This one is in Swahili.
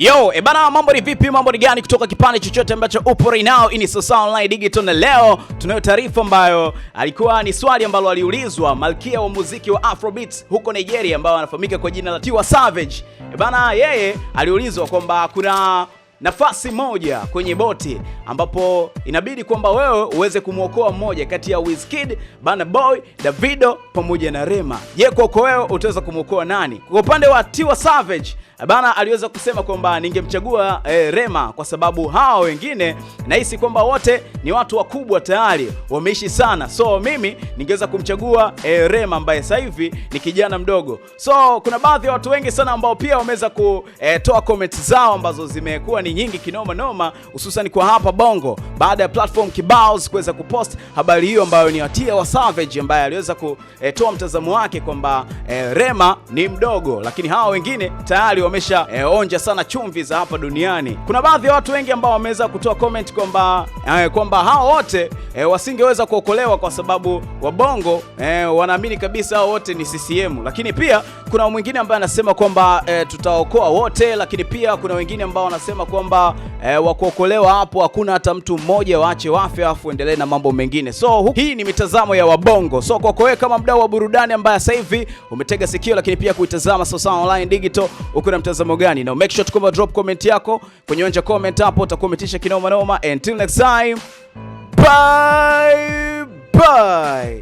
Yo, e bana, mambo ni vipi? Mambo ni gani kutoka kipande chochote ambacho upo right now in Sasa Online Digital, na leo tunayo taarifa ambayo alikuwa ni swali ambalo aliulizwa malkia wa muziki wa Afrobeat huko Nigeria, ambao anafahamika kwa jina la Tiwa Savage. E bana, yeye aliulizwa kwamba kuna nafasi moja kwenye boti ambapo inabidi kwamba wewe uweze kumwokoa mmoja kati ya Wizkid, Burna Boy, Davido pamoja na Rema. Je, kwa kwako wewe utaweza kumwokoa nani? Kwa upande wa Tiwa Savage Bana aliweza kusema kwamba ningemchagua e, Rema kwa sababu hawa wengine nahisi kwamba wote ni watu wakubwa tayari wameishi sana, so mimi ningeweza kumchagua e, Rema ambaye sasa hivi ni kijana mdogo. So kuna baadhi ya watu wengi sana ambao pia wameweza kutoa eh, comment zao ambazo zimekuwa ni nyingi kinoma noma, hususan kwa hapa Bongo baada ya platform kibao kuweza kupost habari hiyo ambayo ni atia wa Savage ambaye aliweza kutoa mtazamo wake kwamba e, Rema ni mdogo, lakini hawa wengine tayari wameshaonja eh, sana chumvi za hapa duniani. Kuna baadhi ya watu wengi ambao wameweza kutoa comment kwamba eh, kwamba hao wote eh, wasingeweza kuokolewa kwa sababu wabongo eh, wanaamini kabisa hao wote ni CCM, lakini pia kuna mwingine ambaye anasema kwamba eh, tutaokoa wote, lakini pia kuna wengine ambao wanasema kwamba eh, wakuokolewa hapo hakuna hata mtu mmoja, waache wafe afu endelee na mambo mengine. So hii ni mitazamo ya wabongo. So kwako wewe kama mdau wa burudani ambaye sasa hivi umetega sikio, lakini pia kuitazama Sawasawa Online Digital uko na mtazamo gani, na make sure to come drop comment yako kwenye uwanja comment hapo, utakuwa umetisha kinoma noma. Until next time, bye bye.